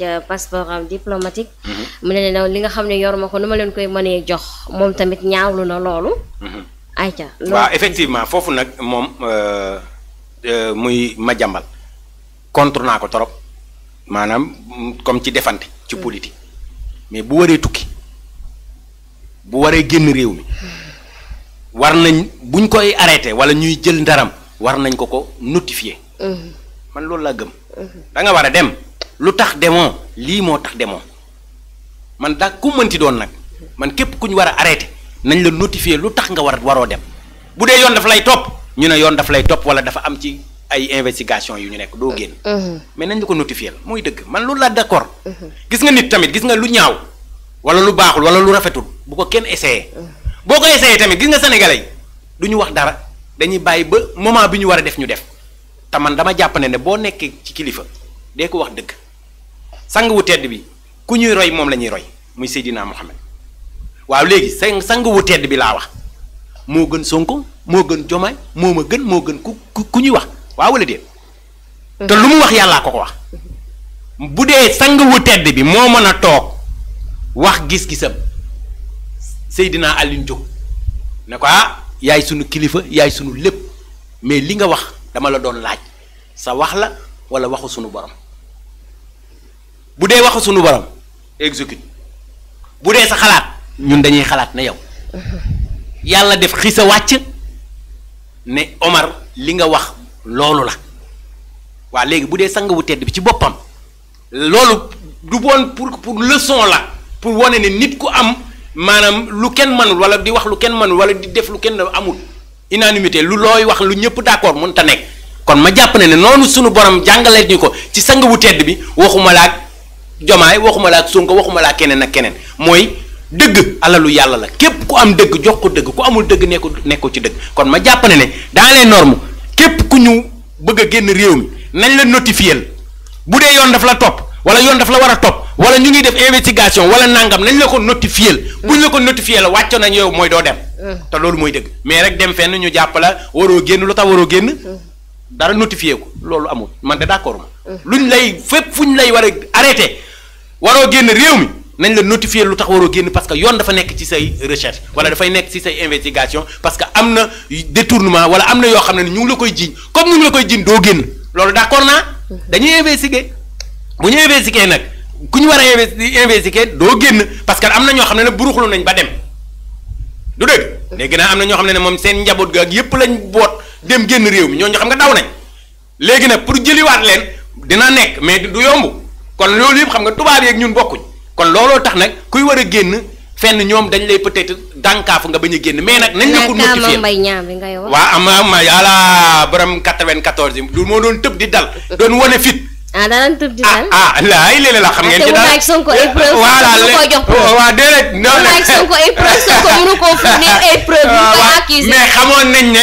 passeport am diplomatique. Mhm. mu ne leen li nga xam ne yor ma ko nu ma leen koy mënee jox moom tamit ñaawlu na loolu. Mhm. waaw effectivement foofu nag moom euh, euh, muy ma jàmbal contre naa ko trop maanaam comme ci defante ci mm. politique mais bu waree tukki bu waree génn réew mi war nañ buñ koy arrêté wala ñuy jël ndaram war nañ ko ko notifier. Mm-hmm. man loolu laa gëm. Mm-hmm. da nga war a dem. lu tax demoo lii moo tax demoo man daa ku mënti doon nag man képp ku ñu war a arrêté nañ la notifier lu tax nga war a waroo dem bu dee yoon daf lay topp ñu ne yoon daf lay topp wala dafa am ci ay investigation yu ñu nekk doo génn. Uh-huh. Uh-huh. mais nañ la ko notifier mooy dëgg man loolu laa d'accord. Uh-huh. gis nga nit tamit gis nga lu ñaaw wala lu baaxul wala lu rafetul bu ko kenn essayé. boo ko essayé tamit gis nga sénégalais yi du ñu wax dara dañuy bàyyi ba moment bi ñu war a def ñu def te man dama jàpp ne ne boo nekkee ci kilifa dee ko wax dëgg. sang wu tedd bi ku ñuy roy moom la ñuy roy muy Seydina Mohamed waaw léegi sang sang wu tedd bi laa wax moo gën Sonko moo gën Jomaay moo ma gën moo gën ku ku ñuy wax waaw wala déet. Mm-hmm. te lu mu wax yàllaa ko ko wax. Mm-hmm. bu dee sang wu tedd bi moo mën a toog wax gis-gisam seydinaa Alioune jóg ne ko ah yaay sunu kilifa yaay sunu lépp mais li nga wax dama la doon laaj sa wax la wala waxu sunu borom. bu dee waxu suñu borom exécute bu dee sa xalaat ñun dañuy xalaat ne yow yàlla def xisa wàcc ne Omar li nga wax loolu la waa léegi bu dee sang bu tedd bi ci boppam loolu du bon pour pour leçon la pour wane ne nit ku am maanaam lu kenn mënul wala di wax lu kenn mënul wala di def lu kenn amul unanimité lu looy wax lu ñëpp d'accord mën ta nekk kon ma jàpp ne ne noonu sunu borom jàngalee ñu ko ci sang bu tedd bi waxuma laak jomaay waxuma la ak waxuma laa ak keneen ak keneen mooy dëgg alalu yàlla la képp ku am dëgg jox ko dëgg ku amul dëgg nekko nekkoo ci dëgg kon ma jàpp ne ne dans les normes képp ku ñu bëgg a génn réew mi nañ la notifier bu dee yoon daf la topp wala yoon daf la war a topp wala ñu ngi def investigation wala nangam nañ la ko notifier mm. buñ la ko notifier la wàccoon nañ yow mooy doo dem. Mm. te loolu mooy dëgg mais rek dem fenn ñu jàpp la waroo génn lu tax waroo génn. Mm. dara notifier ko loolu amul man de d'accord ma. luñ lay fépp fuñ lay war a arrêté. waroo génn réew mi nañ la notifier lu tax waroo génn parce que yoon dafa nekk ci say recherche wala dafay nekk ci say investigation parce que am na détournement wala am na yoo xam ne ñu ngi la koy jiiñ comme ñu ngi la koy jiiñ doo génn loolu d'accord naa dañuy investiguer bu ñu investiguer nag ku ñu war a investi investiguer doo génn parce que am na ñoo xam ne ne buruxlu nañ ba dem du dëgg léegi nag am na ñoo xam ne ne moom seen njaboot ga ak yépp lañ boot dem génn réew mi ñooñu xam nga daw nañ léegi nag pour jëliwaat leen dina nekk mais du yomb kon loolu yëpp xam nga tubaab yeeg ñun bokkuñ kon looloo tax nag kuy war a génn fenn ñoom dañ lay peut-être dànkaafu nga bañ a génn mais nag. nañ la ko notifié waaw am am yàlla borom moo doon tëb di dal doon wane fit. ah danañ laay léeg la xam ngeen. ci daal te Sonko ay preuve mënu jox preuve waaw déedéet. non non mais xamoon nañ ne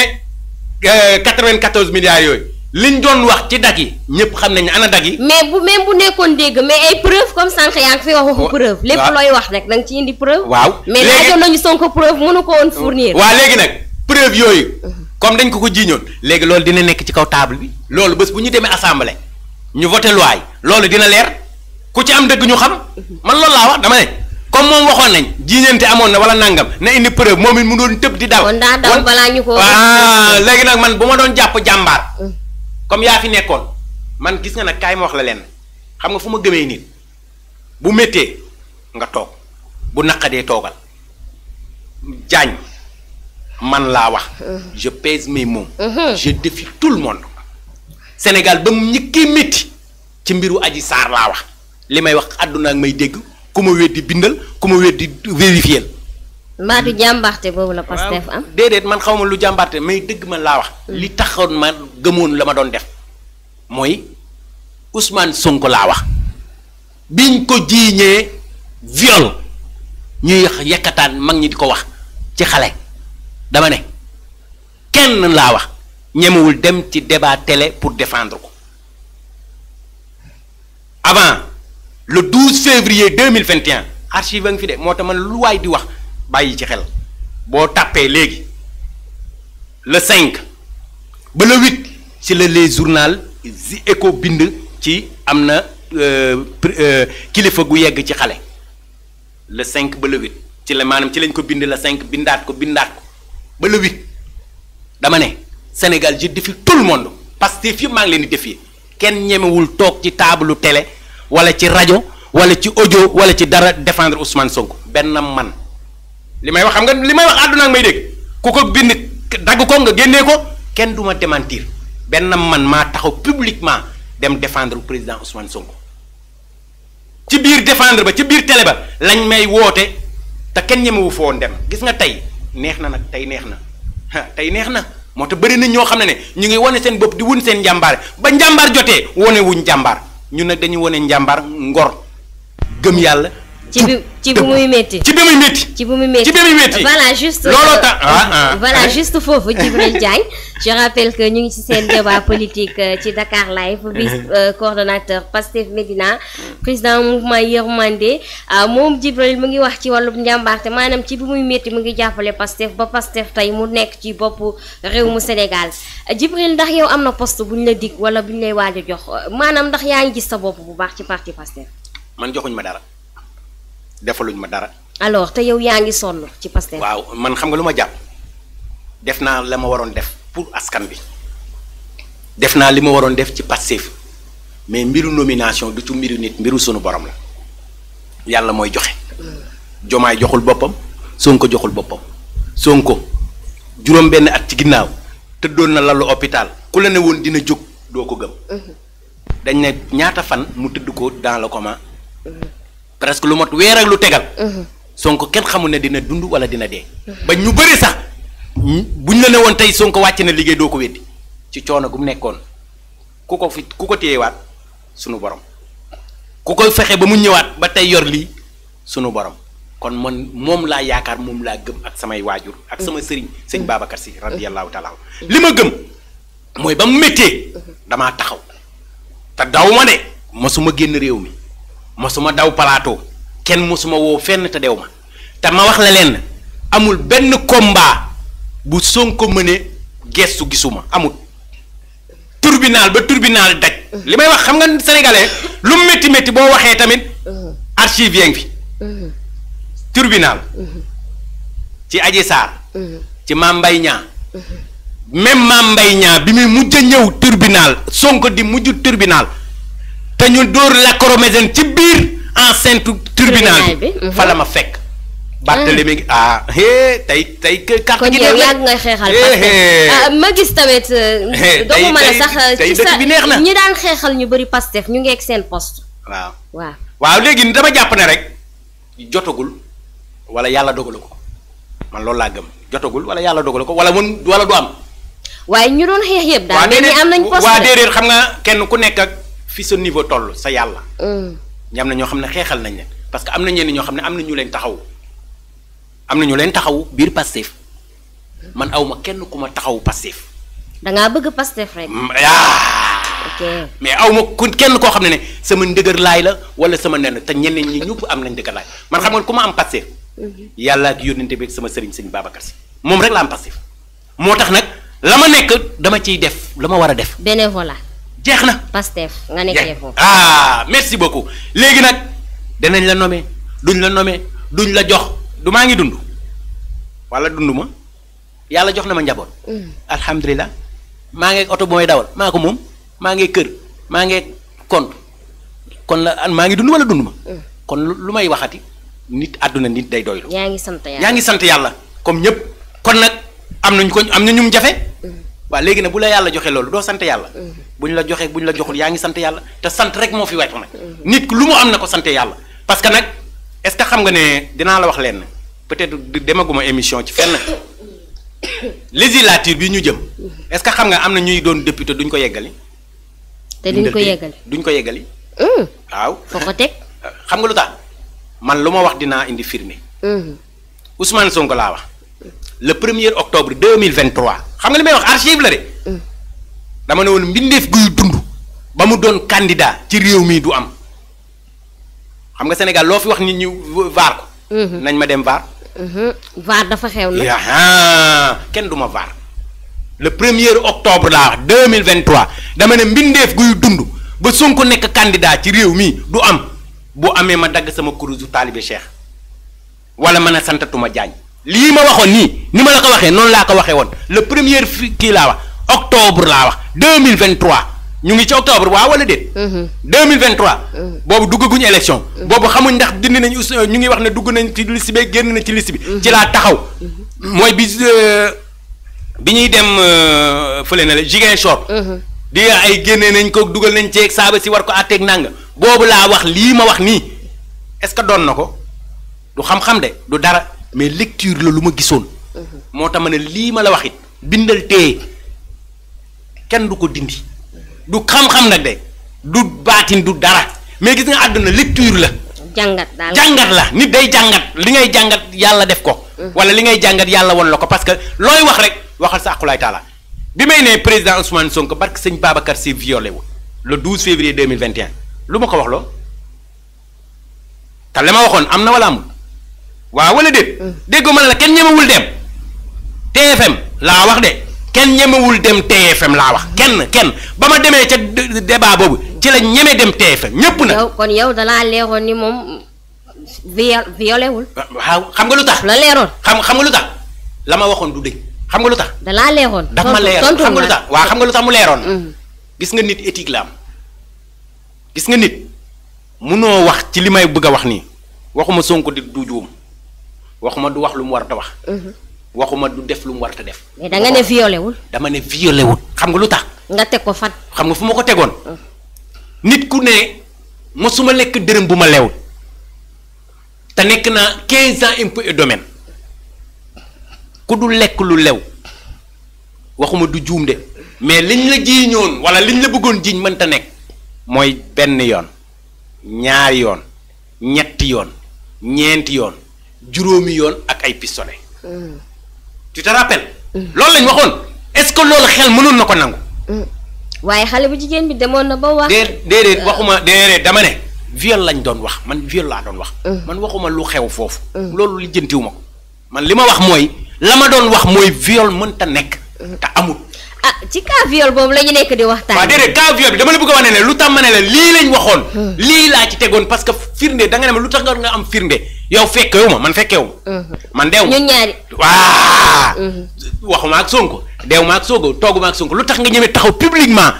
94 euh, milliards yooyu. liñ doon wax ci dag yi ñëpp xam nañ ana dag yi. mais bu même bu nekkoon dégg mais ay preuve comme sànq yaa ngi fi wax waxu preuve. lépp looy wax rek da nga ci indi preuve. waaw mais laajoon nañu Sonko preuve mënu yooyu. Mhm. comme dañ ko ko jiiñoon. léegi loolu dina nekk ci kaw table bi. loolu bés bu ñu demee assemblée ñu voté loi loolu dina leer ku ci am dëgg ñu xam mhm. man loolu laa wax dama comme moom waxoon nañ jiiñante amoon na wala nangam na indi preuve moom it mu doon tëb di daw. kon daa daw balaa ñu ko. léegi nag man bu ma doon jàpp jàmbaar mhm. comme yaa fi nekkoon man gis nga nag kaay ma wax la leen xam nga fu ma gëmee nit bu méttee nga toog bu naqadee toogal jaañ man laa wax. je pèse mes mots. Uh-huh. je défie tout le monde. Sénégal ba mu ñëkkee métti ci mbiru Adji Sarr laa wax li may wax àdduna ak may dégg ku ma weddi bindal ku ma weddi vérifier mbaatu jàmbaarte boobu la Pastef am. déedéet man xaw ma lu jàmbaarte mais dëgg ma laa wax. Hmm. li taxoon ma gëmoon la ma doon def mooy Ousmane Sonko laa wax biñ ko jiiñee viol ñuy yekkataan mag ñi di ko wax ci xale dama ne kenn laa wax ñemewul dem ci débat télé pour defendre ko avant le 12 février 2021 archive a ngi fi de moo tax man lu waay di wax. bàyyi ci xel boo tàppee léegi le cinq ba le huit ci la les journal si écho bind ci am na euh, euh, kilifa gu yegg ci xale le cinq ba le huit ci la maanaam ci lañ ko bind le cinq bindaat ko bindaat ko ba le huit dama ne Sénégal je défie tout le monde parce que fii maa ngi leen di défier kenn ñemewul toog ci taabalu télé wala ci rajo wala ci audio wala ci dara défendre Ousmane Sonko benn man. li may wax xam nga li may wax àdduna ak may dégg ku ko bind dagg ko nga génnee ko kenn du ma démentir benn man maa taxaw publiquement dem défendre président Ousmane Sonko ci biir défendre ba ci biir télé ba lañ may woote te kenn ñemewu foon dem gis nga tey neex na nag tey neex na tey neex na moo tax bëri na ñoo xam ne ne ñu ngi wane seen bopp di wuñ seen njàmbaar ba njàmbaar jotee wane wuñ njàmbaar ñun nag dañuy wane njàmbaar ngor gëm yàlla. ci ci bu muy ci bi muy métti. ci bu muy métti bi muy métti. voilà euh, ah, ah. juste foofu Djibril Diagne je rappelle ñu ngi ci seen débat politique euh, ci Dakar Live vice euh, coordonnateur Pastef Médina président mouvement Yërmande moom Djibril mu ngi wax ci wàllum njàmbaarte maanaam ci bi muy métti mu ngi jàppale Pastef ba Pastef tey mu nekk ci boppu réew mu Sénégal Djibril ndax yow am na post bu ñu la dig wala bu ñu lay waaj a jox maanaam ndax yaa ngi gis sa bopp bu baax ci parti Pastef. man joxuñ ma defaluñ ma dara. alors te yow yaa ngi sol ci Pastef. waaw man xam nga lu ma jàpp def naa la ma waroon def pour askan bi def naa li ma waroon def ci Pastef mais mbiru nomination du ci mbiru nit mbiru sunu borom la yàlla mooy joxe. Hmm. jomaay joxul boppam Sonko joxul boppam Sonko juróom benn at ci ginnaaw tëddoon na lalu hôpital ku la ne woon dina jóg doo ko gëm. Hmm. dañ ne ñaata fan mu tëdd ko dans le coma. Hmm. presque lu mot weer ak lu tegal. Mhm. Sonko kenn xamul ne dina dund wala dina dee. ba ñu bëri sax buñ la ne woon tey sonk wàcc na liggéey doo ko weddi ci coono gu mu nekkoon ku ko fi ku ko téyewaat sunu borom ku koy fexe ba mu ñëwaat ba tey yor lii sunu borom kon man moom laa yaakaar moom laa gëm ak samay waajur. ak sama mhm. sëriñ sëñ mhm. baabakat si radiyallahu taala li ma gëm mooy ba mu méttee damaa taxaw te daw ma ne mosuma génn réew mi. mosuma daw palaatoo kenn mosuma woo fenn te dew ma te ma wax la leen amul benn combat bu Sonko mënee gestu gisuma amut tribunal ba tribunal daj li may wax xam nga sénégalais lu métti métti boo waxee tamit archive yaa ngi fi tribunal ci Adji Sarr ci Mame Mbaye ñaa même Mame Mbaye Niang bi muy mujj a ñëw tribunal Sonko di mujj tribunal te ñu dóor lacrymogène ci biir enceinte tribunal bi fa la mhm. ma fekk. Barthélemy ngi ah hé tey tey kàq gi yow yàgg ngay xeexal Pastef ah, ma gis tamit euh, doomu mën a sax euh, ci sa ñi daan ñu bëri ngi egg seen poste waaw waaw waaw dama jàpp ne rek jotagul wala yàlla dogalu ko loolu laa gëm jotagul wala yàlla dogalu ko wala mën wala du waaye ñu doon xeex yëpp daal mais ñi am nañ poste déedéet xam nga kenn ku nekk ak fi sa niveau toll sa yàlla. Mm. ñam na ñoo xam ne xeexal nañ leen parce que am na ñenn ñoo xam ne am na ñu leen taxaw am na ñu leen taxaw biir Pastef man awma kenn ku ma taxaw Pastef. da ngaa bëgg Pastef rek. Mm, ok mais aw ma ku kenn koo xam ne ne sama ndëgër laay la wala sama nen te ñeneen ñi ñëpp am nañ ndëgër laay man xam nga ku ma am Pastef. Mhm. yàlla ak yónnante bi ak sama sëriñ sëñ Babacar Si moom rek la am Pastef moo tax nag la ma nekk dama ciy def la ma war a def. bénévolat. jeex na. Pastef nga nekkee foofu. Ah, merci beaucoup léegi nag danañ la nome duñ la nome duñ la jox du maa ngi dund wala dund ma yàlla jox na ma njaboot. Mm. alhamdulilah maa ngi oto bu may dawal maa ko moom maa ngi kër maa ngi compte kon la maa ngi dund wala dund ma. Mm. kon lu may waxati nit àdduna nit day doylu. yaa ngi sant yàlla yaa ngi sant yàlla comme ñëpp kon nag am nañ ko am na ñu jafe. Mm. waaw léegi nag bu la yàlla joxe loolu doo sant yàlla mm-hmm. bu ñu la joxee bu ñu la joxul yaa ngi sant yàlla te sant rek moo fi wetu nag mm-hmm. nit lu mu am na ko sante yàlla parce que nag est-ce que xam nga ne dinaa la wax leen peut-être demaguma émission ci fenn législature bi ñu jëm mm-hmm. est-ce que xam nga am na ñuy doon député duñ ko yeggali te duñ ko yeggali duñ ko yeggali mm. waaw foo ko teg eh, xam nga lu tax man lu ma wax dinaa indi firnde Ousmane Sonko laa wax le premier octobre deux mille vingt-trois xam nga li may wax archive la de. Mm. dama ne woon mbindeef guy dund ba mu doon candidat ci réew mii du am xam nga Sénégal loo fi wax nit mm-hmm. nañ ma dem vaar. Mm-hmm. vaar dafa xew ah, kenn du ma vaar. le premier octobre laa wax mille vingt dama ne mbindeef guy dund ba Sonko nekk candidat ci réew mi du am bu amee ma dagg sama kuréelu taalibe Cheikh wala mën a santatuma jaañ lii ma waxoon nii ni ma la ko waxee noonu laa ko waxee woon le premier fi kii laa wax octobre laa wax deux mille vingt trois ñu ngi ci octobre waaw wala déet. Mhm. deux mille vingt trois. Mhm. boobu duggaguñu élection. Mhm. boobu xamuñ ndax dindi nañ euh, ñu ngi wax ne dugg nañ ci liste bi génn na ci liste bi. ci laa taxaw. mooy bi euh, bi ñuy dem euh, fële na la Ziguinchor. di ay génne nañ ko dugal nañ ceeg saaba si war ko àtteeg nang boobu laa wax lii ma wax nii est-ce que doon na ko du xam-xam de mais lecture la lu ma gisoon. moo tax ma ne lii ma la wax it bindal tee kenn du ko dindi. du xam-xam nag de du baatin du dara mais gis nga àdduna lecture la. jàngat daal jàngat la nit day jàngat li ngay jàngat yàlla def ko. Mm. wala li ngay jàngat yàlla won la ko parce que looy wax rek waxal sa akulaay taala bi may ne président Ousmane Sonko barke sëñ Babacar Sy violé wu le 12 février 2021 lu ma ko wax loo te li ma waxoon am na wala amul. waaw wala déet. Mm. déggoo ma ne la kenn ñemewul dem TFM laa wax de kenn ñemewul dem TFM laa wax kenn kenn ba ma demee ca débat boobu ci la ñeme dem TFM ñëpp na. yow kon yow dalaa leeroon ni moom violé wul. Ah, waaw xam nga lu tax. la leeroon xam xam nga lu tax la ma waxoon du dëgg xam nga lu tax. dalaa leeroon. daf ma leeroon xam nga lu tax waaw xam nga lu leeroon. Mm. gis nga nit éthique la am gis nga nit munoo wax ci li may bëgg a wax nii waxuma Sonko di du juum. waxuma du wax lu mu war wax. Mhm. waxuma du def lu mu war def. mais da nga ne violé wul. dama ne violé wul xam nga lu tax. nga teg ko fan. xam nga fu ma ko tegoon. Mhm. nit ku ne mosuma lekk dërëm bu ma lew te nekk naa 15 ans impôt et domaine ku du lekk lu lew waxuma du juum de mais liñ la jiiñoon wala liñ la bëggoon jiiñ mënta nekk mooy benn yoon ñaari yoon ñetti yoon ñeenti yoon. juróomi yoon ak ay pistolet. Mm. tu te mm. loolu lañ waxoon est-ce que loolu xel mënoon na ko nangu. Mm. waaye xale bu jigéen bi demoon na ba wax. déet déedéet waxuma déedéet dama ne. viol doon wax man viol doon wax. man waxuma lu xew foofu. loolu lijjantiwuma ko man li ma wax mooy la ma doon wax mooy viol mënta nekk. te amul. ah ci cas viol boobu la ñu nekk di waxtaan. waaw déedéet a wax ne lu tax ma ne la lii lañ waxoon. lii laa ci tegoon parce que firnde danga nga ne ma lu tax nga am firnde. yow fekkewu ma man fekkewu ma. man deew ma ñun ñaari. waa. waxuma ak Sonko deew ma ak Sonko tooguma ak Sonko lu tax nga ñeme taxaw publiquement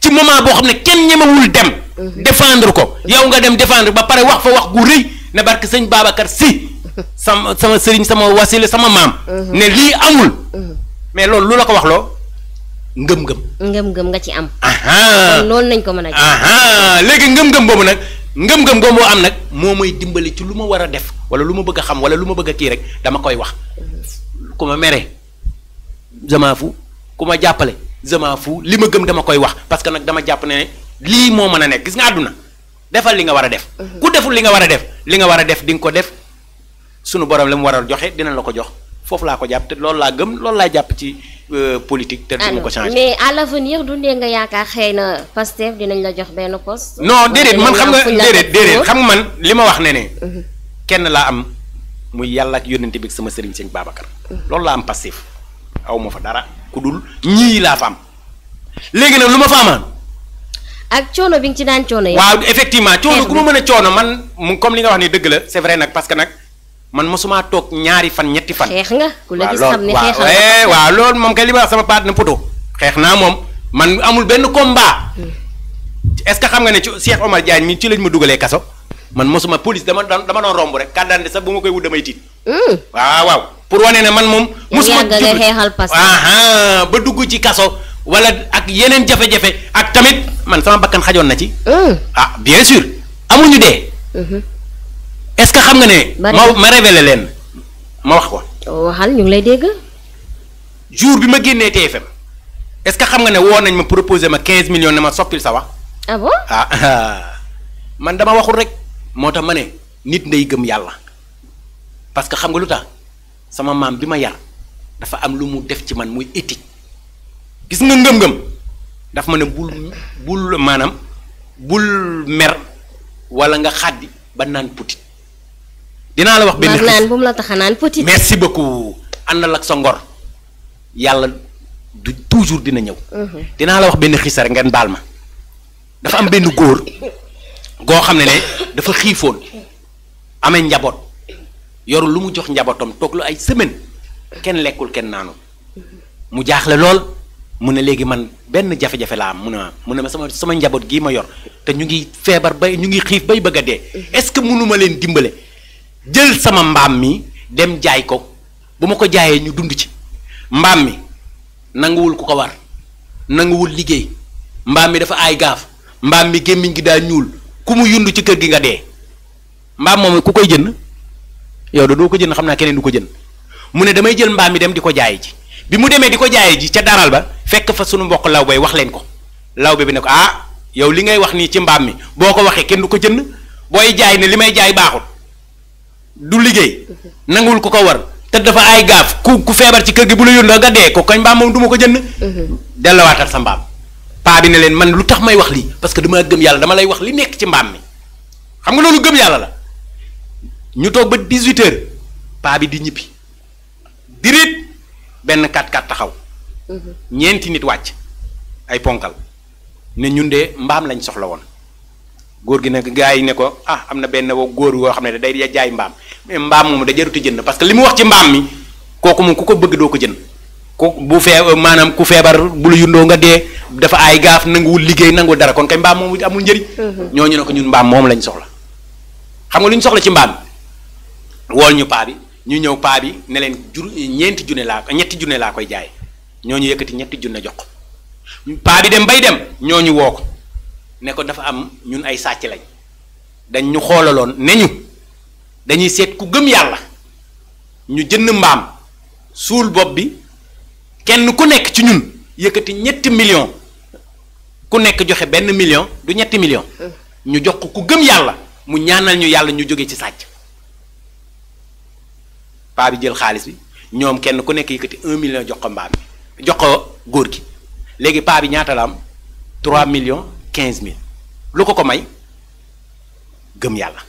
ci moment boo xam ne kenn ñemewul dem. défendre ko yow nga dem defendre ba pare wax fa wax gu rëy ne barke sëñ Babacar si. sama sama sëriñ sama wasile sama maam. ne lii amul. mais loolu lu la ko wax loo ngëm-ngëm. ngëm-ngëm nga ci am. kon noonu nañ ko mën a. léegi ngëm-ngëm boobu nag. ngëm-ngëm goo moo am nag moo may dimbali ci lu ma war a def wala lu ma bëgg xam wala lu ma bëgg a kii rek dama koy wax ku ma mere jamaa fu ku ma jàppale jamaa fu li ma gëm dama koy wax parce que nag dama jàpp ne lii moo mën a nekk gis nga àdduna defal li nga war a def. Mhm. ku deful li nga war a def li nga war a def di nga ko def sunu borom la mu war a joxe dina la ko jox. foofu laa ko jàpp te loolu laa gëm loolu laa jàpp ci euh, politique te duñu ko changé. mais à l'avenir du ndee nga yaakaar xëy na Pastef dinañ la jox benn poste. non déedéet man xam nga déedéet déedéet xam nga man li ma wax ne ne. Mhm. kenn laa am muy yàlla ak yónnante bi sama sëriñ sëñ Babacar. Mhm. loolu laa am Pastef aw ma fa dara ku dul ñii laa fa am léegi nag lu ma fa amaan. ak coono bi nga ci daan coono yow. waaw effectivement coono ku ma mën a coono man comme parce que nag. man mosuma toog ñaari fan ñetti fan. xeex nga ku la gis xam eh, waaw loolu moom kay li sama paat na poto xeex naa moom man amul benn combat. Hmm. est-ce que xam nga ne ci Cheikh Omar Diagne mi ci lañ ma dugalee kaso. man mosuma police dama doon dama doon romb rek kàddaan sax bu ma koy wut damay tiit. Hmm. waaw waaw pour wane ne man moom. mosuma jublu xeexal parce que ba dugg ci kaso. wala ak yeneen jafe-jafe ak tamit man sama bakkan xajoon na ci. Hmm. ah bien sûr amuñu dee. est-ce que xam nga ne. ma ma révélé leen ma wax ko. waxal oh, ñu lay dégg. jour bi ma génnee TFM est-ce que xam nga ne woo nañ ma proposé ma 15 millions ne ma soppil sa wax. Ah ah, man dama waxul rek moo tax ma ne nit nday gëm yàlla parce que xam nga lu tax sama maam bi ma yar dafa am lu mu def ci man muy éthique gis nga ngëm-ngëm daf ma ne bul bul maanaam bul mer wala nga xàddi ba naan putit dinaa la wax benn naan bu mu la tax a naan petit. merci beaucoup àndal ak sa ngor yàlla du toujours dina ñëw. Mhm. dinaa la wax benn xisa rek ngeen baal ma dafa am benn góor goo xam ne ne dafa xiifoon amee njaboot yorul lu mu jox njabootam toog lu ay semaine kenn lekkul kenn naanu mu jaaxle lool mu ne léegi man benn jafe-jafe laa am mu ne ma mu ma sama sama njaboot gii ma yor te ñu ngi feebar bay ñu ngi xiif bay bëgg a dee mhm. est-ce que mënuma leen dimbale. jël sama mbaam mi dem jaay ko bu ma ko jaayee ñu dund ci mbaam mi nanguwul ku ko war nanguwul liggéey mbaam mi dafa aay gaaf mbaam mi gémmiñ gi daa ñuul ku mu yund ci kër gi nga dee mbaam moom ku koy jënd yow da doo ko jënd xam naa keneen du ko jënd mu ne damay jël mbaam mi dem di ko jaaye ji bi mu demee di ko jaaye ji ca daral ba fekk fa sunu mbokk law bay wax leen ko law bi ne ko ah yow li ngay wax nii ci mbaam mi boo ko waxee kenn du ko jënd booy jaay ne li may jaay baaxul du liggéey nangul ko ko war te dafa ay gaaf ku ku feebar ci kër gi bu la yónnee nga dee ko koñ mbaam moom du ko jënd. dellowaatal sa mbaam paa bi ne leen man lu tax may wax lii parce que damaa gëm yàlla dama lay wax li nekk ci mbaam mi xam nga loolu gëm yàlla la ñu toog ba 18 heures paa bi di ñibbi dirit benn 4-4 taxaw. Mhm. ñeenti nit wàcc ay ponkal ne ñun de mbaam lañ soxla woon. góor gi nag gars yi ne ko ah am na benn woo góor yoo xam ne day jaay mbaam mais mbaam moom da jaruti jënd parce que li mu wax ci mbaam mi kooku moom ku ko bëgg doo ko jën ku bu fee maanaam ku feebar bu la yundoo nga dee dafa ay gaaf nanguwul liggéey nangu dara kon kay mbaam moom amul njëriñ. Mhm. ñu ne ko ñun mbaam moom lañu soxla xam nga lu ñu soxla ci mbaam wool ñu paa bi ñu ñëw paa bi ne leen jur ñeenti junne laa ñetti junne laa koy jaay ñoo ñooñu yëkkati ñetti junne jox ko paa bi dem bay dem ñooñu woo ko ne ko dafa am ñun ay sàcc lañ dañ ñu xoolaloon ne ñu dañuy seet ku gëm yàlla ñu jënd mbaam suul bopp bi kenn ku nekk ci ñun yëkkati ñetti million ku nekk joxe benn million du ñetti million ñu jox ko ku gëm yàlla mu ñaanal ñu yàlla ñu jóge ci sàcc paa bi jël xaalis bi ñoom kenn ku nekk yëkkati un million jox ko mbaam jox ko góor gi léegi paa bi ñaata la am trois millions quinze mille lu ko ko may gëm yàlla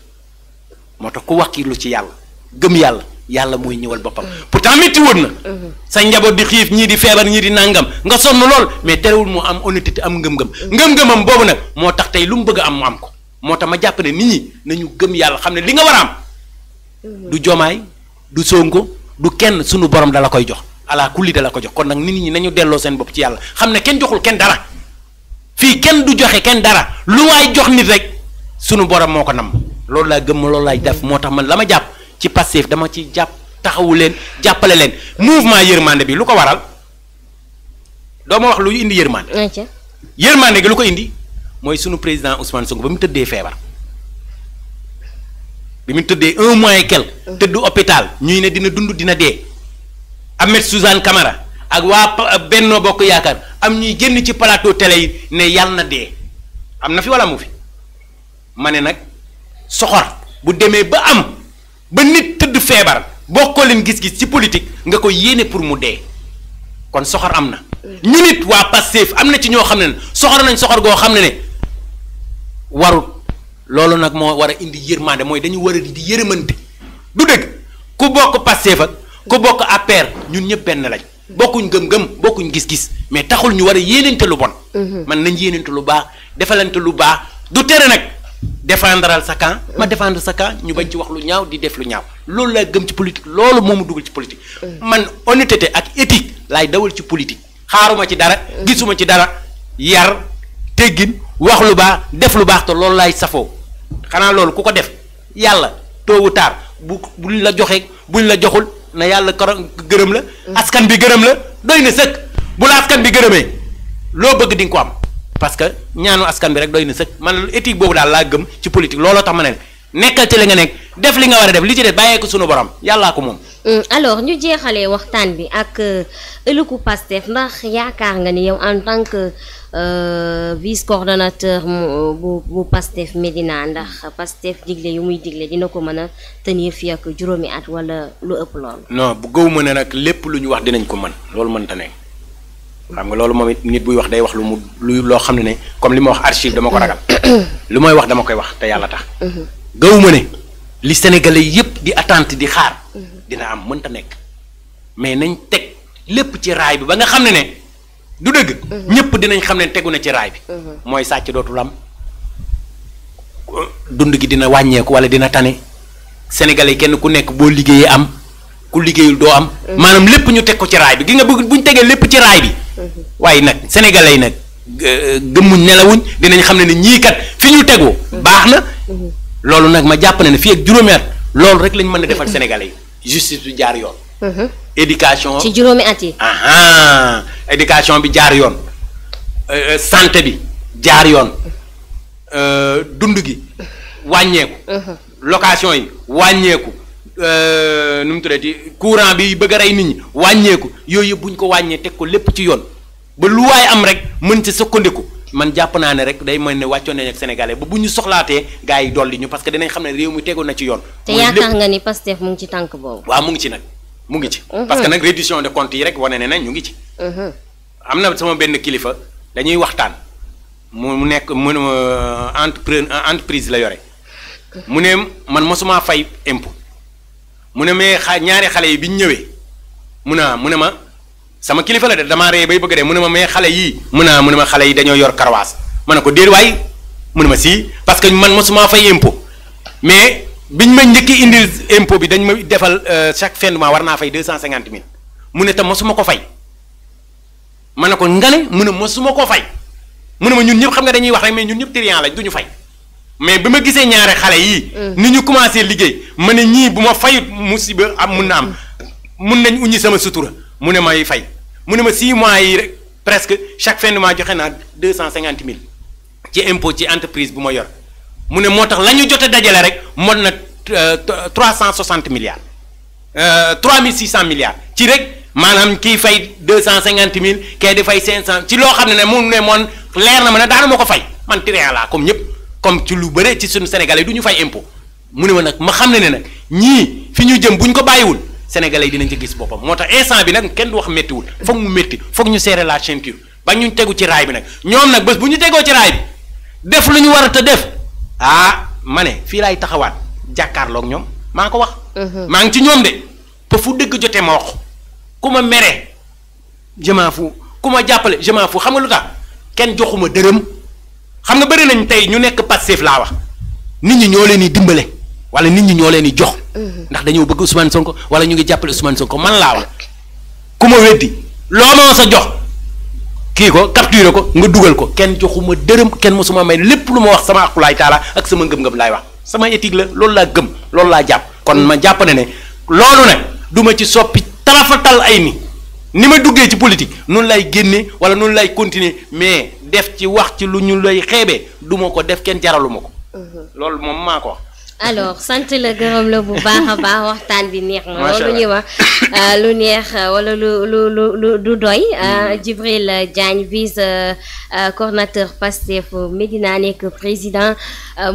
moo tax ku wakiilu ci yàlla gëm yàlla yàlla mooy ñëwal boppam. Mm. pourtant métti woon na. Mm-hmm. sa njaboot di xiif ñii di feebar ñii di nangam nga sonn lool mais terewul mu am honnêteté am ngëm-ngëm. Mm. ngëm-ngëmam boobu nag moo tax tey lu mu bëgg am mu am ko moo tax ma jàpp ne nit ñi nañu gëm yàlla xam ne li nga war a am. Mm-hmm. du jomaay du sonko du kenn sunu borom dala koy jox ala kulli dala ko jox kon nag nit ñi nañu delloo seen bopp ci yàlla xam ne kenn fii kenn du joxe kenn dara lu waay jox nit rek sunu borom moo ko nam loolu laa gëm loolu laay def moo tax man la ma jàpp ci passif dama ci jàpp taxawu leen jàppale leen mouvement yërmande bi lu ko waral doo ma wax lu indi yërmande. yërmande gi lu ko indi mooy sunu président Ousmane Sonko ba mu tëddee feebar. bi mu tëddee un mois et quelque. tëdd hôpital ñuy ne dina dund dina dee. Ahmed Suzanne Camara ak waa benn Bokk Yaakaar. am ñuy génn ci palaato tele yi ne yàlla na dee am na fi walla mu fi ma ne nag soxor bu demee ba am ba nit tëdd feebar bokkoo leen gis-gis ci politique nga ko yéene pour mu dee kon soxor am na. ñu nit waa Pastef am na ci ñoo xam ne soxor nañ soxor goo xam ne ne warut loolu nag moo war a indi yërmande mooy dañu war a di yërëmante du dëgg ku bokk Pastef ak ku bokk APR ñun ñëpp benn lañ. bokkuñ gëm-gëm bokkuñu gis-gis mais taxul ñu war a yéenante lu bon. Mhm. man nañ yéenante lu baax defalante lu baax du tere nag defendral sa camp ma mhm. défendre sa camp ñu bañ ci wax lu ñaaw di def lu ñaaw loolu laa gëm ci politique loolu moo ma dugal ci politique. Mhm. man honnêteté ak éthique laay dawal ci politique xaaruma ci dara. gisuma ci dara yar teggin wax lu baax def lu baax te loolu laay safoo xanaa loolu ku ko def yàlla tôt ou tard bu buñ la joxee buñ la joxul. na yàlla koro gërëm la. askan bi gërëm la doy na sëkk bu la askan bi gërëmee loo bëgg di ko am parce que ñaanu askan bi rek doy na sëkk man éthique boobu daal laa gëm ci politique looloo tax ma ne nekkal ci li nga nekk def li nga war a def li ci des bàyyee sunu borom yàllaa ko moom. Euh, alors ñu jeexalee waxtaan bi ak euh, ëllëgu Pastef ndax yaakaar nga ni yow en tant que euh, vice coordonnateur bu bu Pastef Médina ndax Pastef digle yu muy digle dina ko mën a te tenir fii ak juróomi at wala lu ëpp loolu. non bu gëw ma ne nag lépp lu ñu wax dinañ ko mën loolu mënta ne xam nga loolu moom it nit buy wax day wax lu mu lu loo xam ne ne comme li ma wax archive dama ko ragal lu may wax dama koy wax te yàlla tax. Mhm. gawuma ne li sénégalais yépp di attente di xaar dina am mënta nekk mais nañ teg lépp ci raay bi ba nga xam ne ne du dëgg mhm. ñépp dinañ xam ne tegu na ci raay bi mhm. mooy sàcc dootul dund gi dina wàññeeku walla dina tane sénégalais kenn ku nekk boo liggéeyee am ku liggéeyul doo am mhm. maanaam lépp ñu teg ko ci raay gi nga bëgg bu ñu tegee lépp ci raay bi waaye nag sénégalais yi nag gëmmuñ nelawuñ dinañ xam ne ne ñii kat fi ñu tegu baax na loolu nag ma jàpp ne ne fii ak juróomi at loolu rek lañ mën a defal sénégalais yi justice bi jaar yoon. Mhm. éducation ci juróomi at yi. éducation bi jaar yoon euh, euh, santé bi jaar yoon euh, dund gi wàññeeku. Mhm. location yi wàññeeku nu mu tuddati courant bi bëgg a rey nit ñi wàññeeku yooyu yëpp bu ñu ko wàññee teg ko lépp ci yoon ba lu waaye am rek mën ci sukkandiku. man jàpp naa ne rek day mel ne wàccoon nañ ak sénégalais ba bu ñu soxlaatee gars yi dolli ñu parce que danañ xam ne réew mu tegu na ci yoon. te yaakaar nga ni Pastef mu ngi ci tànk boobu. waaw mu ngi ci nag mu ngi ci. Mhm. parce que nag réduction de compte yi rek wane ne na ñu ngi ci. Mhm. am na sama benn kilifa dañuy waxtaan mu nekk mu euh, entrepre euh, entreprise la yore. Mhm. mu ne man mosuma fay impôt ne mais xa ñaari xale yi bi ñu ñëwee mu mu ne ma. sama kilifa la de damaa ree bay bëgg de mu ne ma mais xale yii mu a mu ne ma xale yi dañoo yor karawaas ma ne ko déet waay mu ne ma sii parce que man ma mosuma fay impôt mais biñ ma njëkk indi impôt bi dañ ma defal euh, chaque fin du war naa fay deux cent cinquante mille mu ne tam mosuma ko fay ma ne ko nga ne mu ne mosuma ko fay mu ne ma ñun ñëpp xam nga dañuy wax rek mais ñëpp triant lañ du ñu fay mais bi ma gisee ñaari xale yii. Mm. ni ñu commencé liggéey ma ne ñii bu ma fayut musiba am mun na am mm. mun nañ uñi sama sutura. mu ne may fay mu ne ma 6 mois yi rek presque chaque fin de mois joxe naa cinquante mille ci impo ci entreprise bu ma yor mu ne moo tax la ñu jot dajale rek mot na 360 euh, milliards 3600 euh, milliards ci rek maanaam kii fay deux 250 mille kee di fay cinq cent ci loo xam ne ne mu ne moon leer na ma ne daana ma ko fay man trian laa comme ñëpp comme ci lu bëre ci suñu sénégalais du ñu fay impôt mu ne ma nag ma xam ne ne nag ñii fi ñu jëm bu ko bàyyiwul. sénégalais yi dinañ ci gis boppam moo tax instant bi nag kenn du wax méttiwul foog mu métti foog ñu serrer la ceinture ba ñu tegu ci raay bi nag ñoom nag bés bu ñu tegoo ci raay bi def lu ñu war a te def ah ma ne fii laay taxawaat jàkkaarlook ñoom maa ko wax. Mhm. maa ngi ci ñoom de te fu dëgg jotee ma wax ku ma mere je fu ku ma jàppale je fu xam nga lu tax kenn joxuma dërëm xam nga bëri nañ tey ñu nekk passif laa wax nit ñi ñoo leen di dimbale. wala nit ñi ñoo leen di jox. Mm-hmm. ndax dañoo bëgg Ousmane Sonko wala ñu ngi jàppale Ousmane Sonko man laa wax ku ma weddi loo ma sa jox kii ko capturé ko nga dugal ko kenn joxuma dërëm kenn mosuma may lépp lu ma wax sama akulaay taala ak sama ngëm-ngëm laay wax sama éthique la loolu laa gëm loolu laa jàpp kon ma jàpp ne ne loolu nag du ma ci soppi tarafatal ay ni ni ma duggee ci politique noonu laay génne wala noonu laay continuer mais def ci wax ci lu ñu lay xeebee du ko def kenn jaralu ko. Mm-hmm. loolu moom maa ko alors sant la gërëm la bu baax a baax waxtaan bi neex na loolu ñuy wax euh, lu neex euh, wala lu lu lu lu du doy euh, hmm. Djibril Diagne vice coordonnateur Pastef Médina nekk président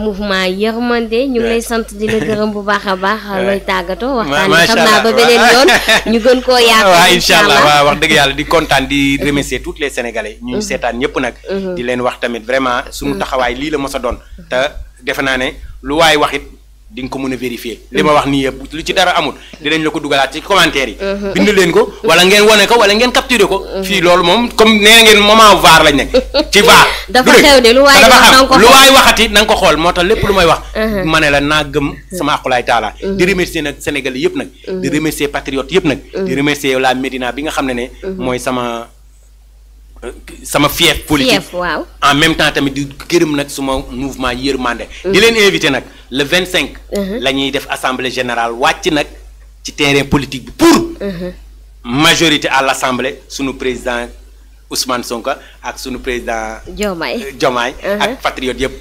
mouvement Yërmande ñu ngi lay sant di la bu baax a baax looy tàggatoo waxtaan bi xam naa ba koo yaatu waaw incha allah waaw wax dëgg yàlla di kontaan di remercier tous les sénégalais ñu mm-hmm. seetaan ñëpp nag mm-hmm. di leen wax tamit vraiment suñu mm-hmm. taxawaay lii la mos a doon te defe naa ne lu waay wax it di nga ko mën a vérifier li ma wax nii yëpp lu ci dara amul dinañ la ko dugalaat ci commentaire yi uh-huh. bind leen ko wala ngeen wone ko wala ngeen capturer ko uh-huh. fii loolu moom comme nee ngeen a vaar lañ nekk ci vaar dafa xew de lu waay waxati na ko xool moo tax lépp lu may wax uh-huh. ma ne la naa gëm sama aqulaay taala di remercier nag Sénégalais yëpp nag di remercier patriote yëpp nag di remercier la Médina bi nga xam ne ne mooy sama sama fief politique fief waaw en même temps tamit di gërëm nag suma mouvement yërmande di leen invité nag le vingt cinq uh-huh. la ñuy def assemblée générale wàcc nag ci terrain politique bi pour uh-huh. majorité à l' assemblée sunu président Ousmane Sonko ak sunu président Diomaye euh, Diomaye uh-huh. ak patriote yëpp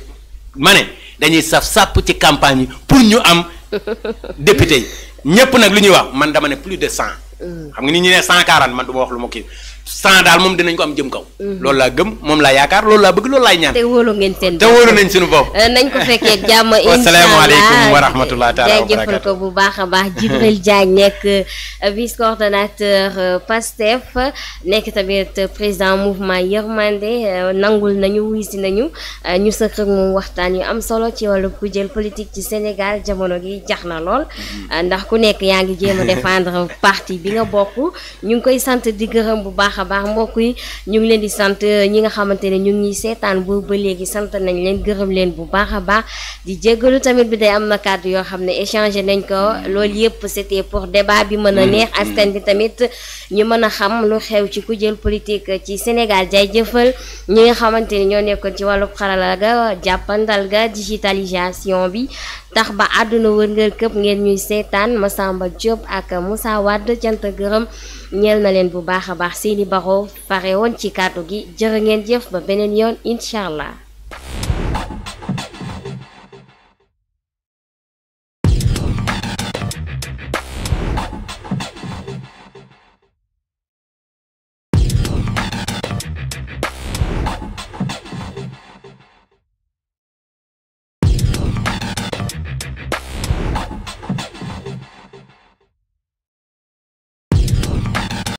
ma ne dañuy saf sàpp ci campagne yi pour ñu am député yi ñépp nag lu ñuy wax man dama ne plus de cent mm. xam nga ni ñu ne cent quarante man du wax lu ma kii sans daal moom dinañ ko am jëm kaw. Mhm. loolu laa gëm moom laa yaakaar loolu laa bëgg loolu laay ñaan. te wóolu ngeen seen bopp te wóolu nañ suñu bopp. nañ ko fekkee jàmm incha allah asalaamaaleykum wa rahmatulah bu baax a baax. Djibril Diagne nekk vice coordonnateur euh, PASTEF nekk tamit président mouvement Yërmande euh, nangul nañu wuy nañu euh, ñu sëkk ak waxtaan yu am solo ci wàllu ku jël politique ci Sénégal jamono gi jax na lool mhm. ndax ku nekk yaa ngi jéem a défendre bi nga bokk ñu ngi koy sant di gërëm bu baax. baax a baax mbokk yi ñu ngi leen di sant ñi nga xamante ne ñu ngi ñuy seetaan boobu ba léegi sant nañ leen gërëm leen bu baax a baax di jéggalu tamit bi day am na kàddu yoo xam ne échangé nañ ko loolu yëpp c'était pour débat bi mën a neex mm-hmm. askan bi tamit ñu mën a xam lu xew ci ku jël politique ci Sénégal jaay jëfal ñi nga xamante ni ñoo nekkoon ci wàllu xarala ga jàppandal ga digitalisation bi tax ba àdduna wërngër këpp ngeen ñuy seetaan masaamba Diop ak Moussa Wade cant gërëm ñeel na leen bu baax a baax seeni baxoo fare woon ci kàddu gi jërë ngeen jëf ba beneen yoon incha allah